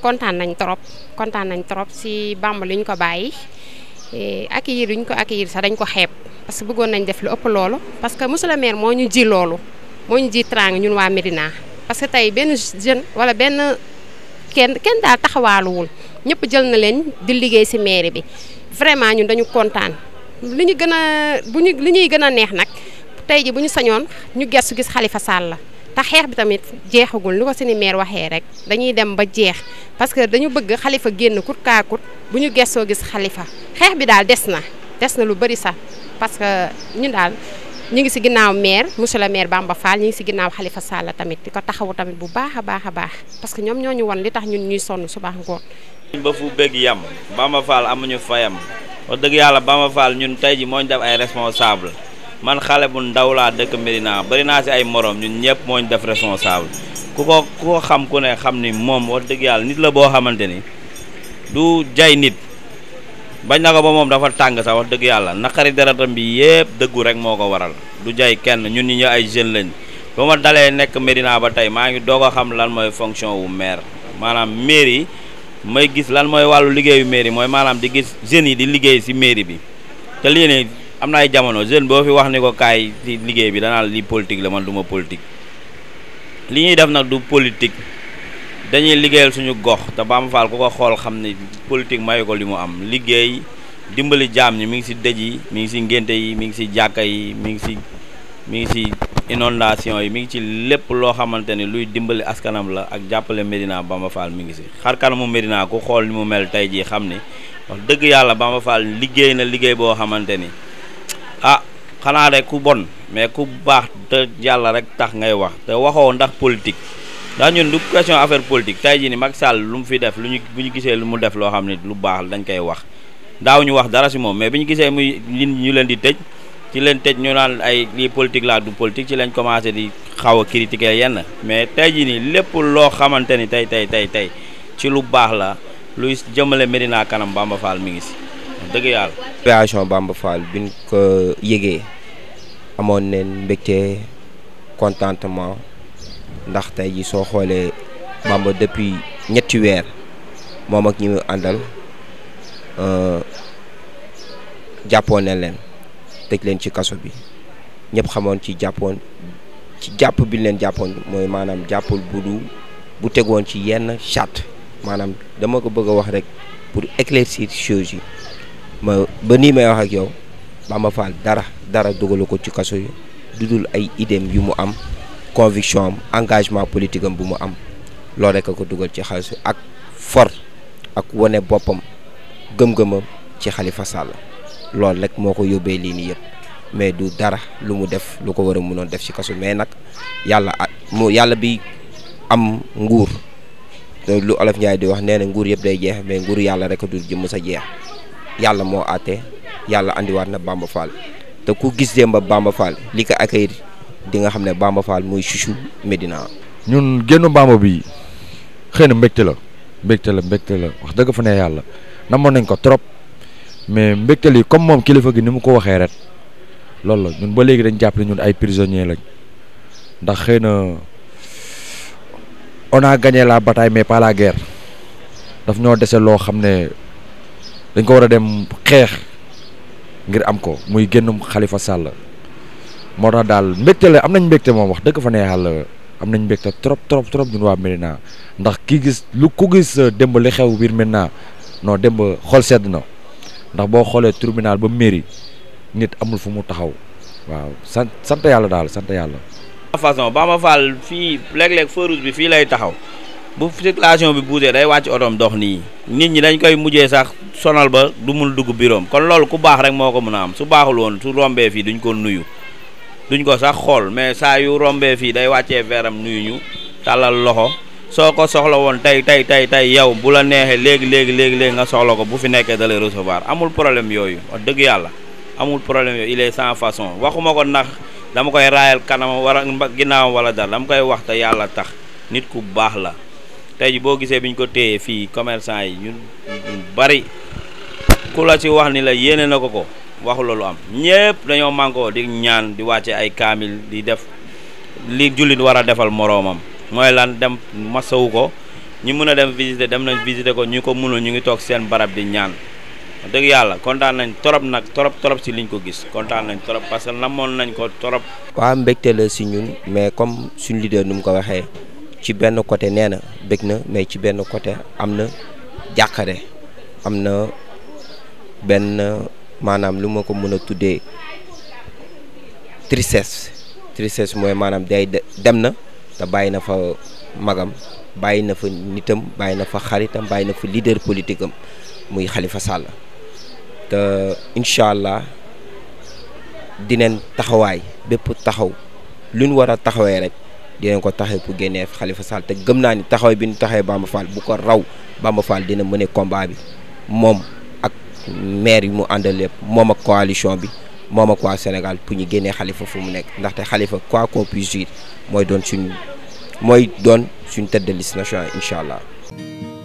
kontaan nañ trop kontaan nañ trop si Bamba liñ ko bàyyi eh, ak accueillir liñ ko ak accueillir sax dañ ko xeeb parce que bëggoon nañ def lu ëpp loolu parce que monsieur le moo ñu ji loolu moo ñu ji trang ñun waa Médina parce que tey benn jeune wala benn kenn kenn daal taxawaaluwul ñëpp jël na leen di liggéey si mairie bi vraiment ñun dañu kontaan li ñu gën a bu ñu li ñuy gën a neex nag tey ji bu ñu sañoon ñu gëstu gis xalifa Sall la te xeex bi tamit jeexagul ni ko suñu maire waxee rek dañuy dem ba jeex parce que dañu bëgg xalifa génn kut kaa kut bu ñu gestoo gis xalifa xeex bi daal des na des na lu bëri sax parce que ñun daal ñu ngi si ginnaaw maire monsieur le maire Bamba Fall ñu ngi si ginnaaw xalifa Sall tamit di ko taxawu tamit bu baax a baax a baax parce que ñoom ñoo ñu won li tax ñun ñuy sonn suba ngoon. ba fu bëgg yam Bamba Fall amuñu fayam wax dëgg yàlla Bamba Fall ñun tey ji moo ñu def ay responsable. man xale bu ndaw laa dëkk Médina bëri naa si ay morom ñun ñëpp moo ñu def responsable ku ko ku ko xam ku ne xam ni moom wax dëgg yàlla nit la boo xamante ni du jay nit bañ na ko ba moom dafa tàng sax wax dëgg yàlla naqari deratam bi yëpp dëggu rek moo ko waral du jay kenn ñun ñi ñu ay jeunes lañ ba ma dalee nekk Médina ba tey maa ngi doog a xam lan mooy fonction wu maire maanaam mairie may gis lan mooy wàllu liggéeyu mairie mooy maanaam di gis jeunes yi di liggéey si mairie bi am na ay jamono jeune boo fi wax ni ko kaay ci liggéey bi danaa li politique la man du ma politique li ñuy def nag du politik dañuy liggéeyal suñu gox te Bamba Fall ku ko xool xam ni politique mayu ko li mu am liggéey dimbali jaam ni mi ngi si dëj yi mi ngi si ngénte yi mi ngi ci jàkka yi mi ngi ci mi ngi si inondation yi mi ngi ci lépp loo xamante ni luy dimbali askanam la ak jàppale Médina Bamba Fall mi ngi si xar kanamu Médina ku xool ni mu mel tey jii xam ni wax liggéey na liggéey boo xamante ni ah xanaa de ku bon mais ku baax te yàlla rek tax ngay wax te waxoo ndax politique ndax ñun du question affaire politique tay jii ni mag Sall lu mu fi def lu ñu bu ñu gisee lu mu def loo xam ne lu baax dañ koy wax daaw ñu wax dara si moom mais bi ñu gisee muy ñu leen di tëj ci leen tëj ñu naan ay lii politique laa du politique ci lañ commencé di xaw a critiquer yenn mais tey jii nii lépp loo xamante ni tey tey tey tey ci lu baax la luy jëmale Médina kanam Bamba Fall mi ngi si dëgg yàlla. création Bamba Fall bi ñu ko yégee amoon neen mbégte contentement ndax tey ji soo xoolee Bamba depuis ñetti weer moom ak ñi mu àndal euh, jàppoon ne leen tëj leen ci kaso bi ñëpp xamoon ci jàppoon ci jàpp bi leen jàppoon mooy maanaam jàppul bu du bu tegoon ci yenn charte maanaam dama ko bëgg a wax rek pour éclaircir choses yi ma ba nii may wax ak yow Bamba Fall dara dara dugalu ko ci kaso yi du dul ay idéem yu mu am conviction am engagement politique am bu mu am loolu rekk ko dugal ci xaalis ak for ak wane boppam gëm-gëmam ci Khalifa Sall loolu rek moo ko yóbbee lii nii yëpp mais du dara lu mu def lu ko war a mënoon def ci kaso mais nag yàlla ak mu yàlla bi am nguur lu olof Njaay di wax nee na nguur yëpp day jeex mais nguur yàlla rek a dul jëmm sa jeex yàlla moo àtte yàlla andiwaat na Bamba Fall te ku gis démb Bamba Fall li ko accueillir di nga xam ne Bamba Fall mooy chouchou Médina. ñun génn Bamba bi xëy na mbégte la mbégte la wax dëgg fa ne yàlla namoon nañ ko trop mais mbégte li comme moom kilifa gi ni mu ko waxee ret loolu la ñun ba léegi dañ jàpp ne ñun ay prisonniers lañ ndax xëy na on a gagné la mais pas la ñoo dese loo xam ne. dañ ko war a dem xeex ngir am ko muy génnum xalifa Sall moo tax daal mbégte la am nañ mbekte moom wax dëgg fa neexal am nañ mbégte trop trop trop ñun waa Médina ndax ki gis lu ku gis euh, démb li xew biir Médina non démb xool sedd na ndax boo xoolee tribunal ba mairie nit amul fu mu taxaw waaw sant sant yàlla daal sant yàlla. façon Bamba Fall fii léeg-léeg feu bi fii lay taxaw. bu circulation bi bougé day wàcc otoom dox nii nit ñi dañ koy mujjee sax sonal ba du mun dugg biroom kon loolu ku baax rek moo ko mën a am su baaxul woon su rombee fii duñu ko nuyu duñ ko sax xool mais saa yu rombee fii day wàccee veeram nuyu ñu tàllal loxo soo ko soxla woon tey tey tey tey yow bu la neexee léegi léegi léegi léegi nga soxla ko bu fi nekkee dalay lay amul problème yooyu wax dëgg yàlla amul problème yooyu il est sans façon waxuma ko ndax dama koy raayal kanam wala ginnaawam wala dara dama koy wax te yàlla tax nit ku baax la tey boo gisee bi ñu ko téyee fii commerçant yi ñu bari ku la ci wax ni la yéene na ko ko waxu lu am ñëpp dañoo mànkoo di ñaan di wàcce ay kaamil di def li jullit war a defal moroomam mooy lan dem masawu ko ñi mën a dem visiter dem nañ visiter ko ñu ko mënul ñu ngi toog seen barab di ñaan dëgg yàlla kontaan nañ torop nag torop torop si liñ ko gis kontaan nañ torop parce que namoon nañ ko torop. waa mbégte la si ñun mais comme suñu leader nu mu ko waxee. ci benn côté nee na bëgg na mais ci benn côté am na jàqare am na benn maanaam lu ma ko mën a tuddee trices trices mooy maanaam day dem na te bàyyi na fa magam bàyyi na fa nitam bàyyi na fa xaritam bàyyi na fa leader politique am muy xalifa Sall te incha allah dinañ taxawaay bépp taxaw luñ war a taxawee rek. dinañ ko taxaw pour génnee xalifa Sall te gëm naa ni taxawee bi ñu taxawee Bamba Fall bu ko raw Bamba Fall dina mëne combat bi moom ak maire yi mu àndal lépp moom ak coalition bi moom ak waa Sénégal pour ñu génnee xalifa fu mu nekk ndaxte xalifa quoi qu'on puisse mooy doon suñu mooy doon suñ tête de liste nationale allah.